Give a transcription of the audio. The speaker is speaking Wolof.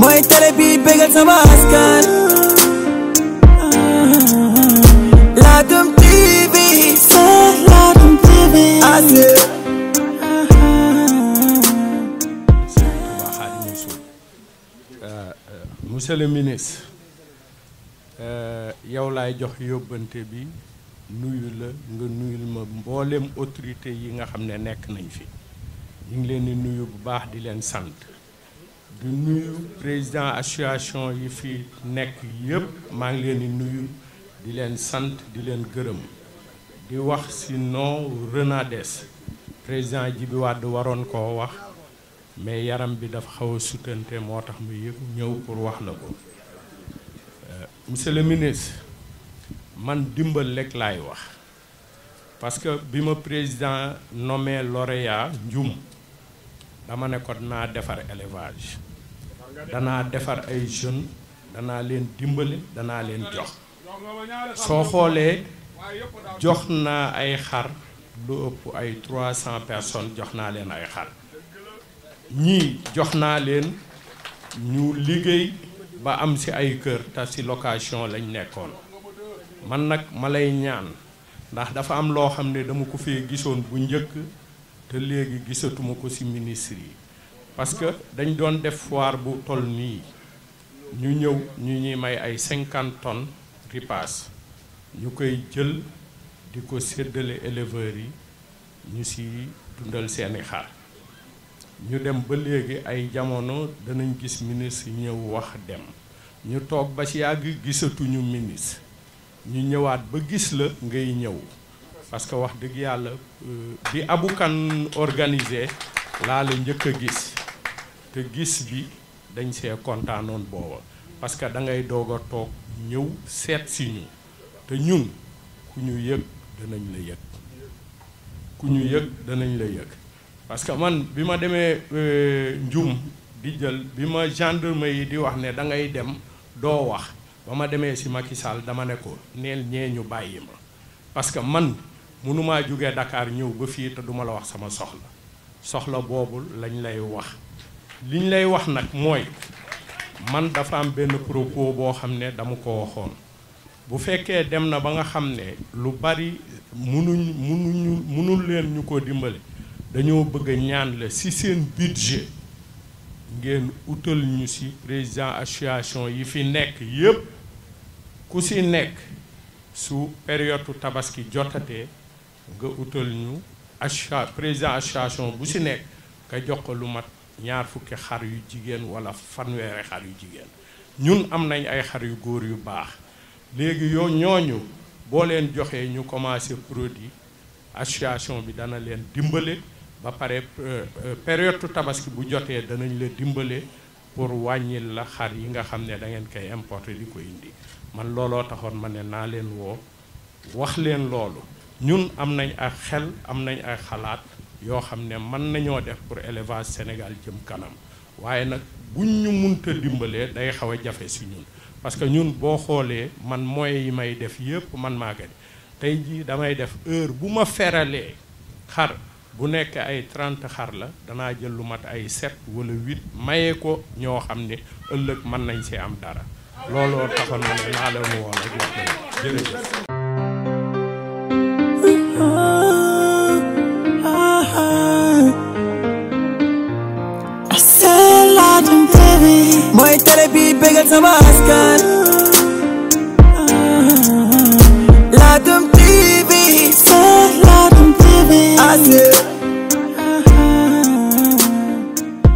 mooy télé bi bégal sama askan Ladoum TV c'est Ladoum TV monsieur le ministre uh, yow laay jox yóbbante bi nuyu la nga nuyul ma mboolem autorité yi nga xam ne nekk nañ fi ñu ngi leen di nuyu bu baax di leen sant di nuyu président association yi fi nekk yépp maa ngi leen di nuyu di leen sant di leen gërëm di wax si non des président Djibi Wade waroon koo wax mais yaram bi dafa xaw a sutante moo tax mu yëg ñëw pour wax la ko euh, monsieur le ministre man dimbal lekk laay wax parce que bi ma président nommé lauréat Ndioum dama ne ko danaa defar élevage danaa defar ay jeunes danaa leen dimbali danaa leen jox soo xoolee jox naa ay xar lu ëpp ay trois cent personnes jox naa leen ay xar ñii jox naa leen ñu liggéey ba am ci ay kër te ci location lañ nekkoon man nag ma lay ñaan ndax dafa am loo xam ne dama ko fee gisoon bu njëkk te léegi gisatuma ko ci ministre yi parce que dañ doon def foire bu toll nii ñu ñëw ñu ñuy may ay cinquante tonnes ripaas ñu koy jël di ko seddale éleveurs yi ñu ci dundal seeni xar ñu dem ba léegi ay jamono danañ gis ministre ñëw wax dem ñu toog ba ci yàgg gisatuñu ministre ñu ñëwaat ba gis la ngay ñëw parce que wax dëgg yàlla euh, bi abukan organisé laa la njëkk a gis te gis bi dañ see kontaanoon booba parce que da ngay doog a toog ñëw seet si ñu te ñun ku ñu yëg danañ la yëg ku ñu yëg danañ la yëg parce que man bi ma demee euh, Ndioum di jël bi ma gendarme yi di wax ne da ngay dem doo wax ba ma demee si Macky dama ne ko neel ñee ñu bàyyi ma parce man mënumaa jóge Dakar ñëw ba fii te duma la wax sama soxla soxla boobu lañ lay wax liñ lay wax nag mooy man dafa am benn propos boo xam ne dama ko waxoon bu fekkee dem na ba nga xam ne lu bari munuñ munuñu munul leen ñu ko dimbali dañoo bëgg a ñaan la ci seen budget ngeen utal ñu ci président association yi fi nekk yépp ku ci nekk su période tabaski jotatee nga utal ñu association président association bu si nekk nga jox ko lu mat ñaar fukki xar yu jigéen wala fanweeri xar yu jigéen ñun am nañ ay xar yu góor yu baax léegi yoo ñooñu boo leen joxee ñu commencé produit association bi dana leen dimbale ba pare euh, euh, période tabaski bu jotee danañ la dimbale pour wàññil la xar yi nga xam ne da ngeen koy importer di ko indi man looloo taxoon ma ne naa leen woo wax leen loolu ñun am nañ ak xel am nañ ay xalaat yoo xam ne mën nañoo def pour élevage Sénégal jëm kanam waaye nag buñ ñu munta dimbalee day xaw a jafe si ñun parce que ñun boo xoolee man mooy yi may def yëpp man maa gën tey jii damay def heure bu ma feralee xar bu nekk ay 30 xar la danaa jël lu mat ay 7 wala 8 mayee ko ñoo xam ne ëllëg mën nañ see am dara looloo taxoon naa leen woo rek wax dëgg jërëjëf mooy télé bi bégal sama askan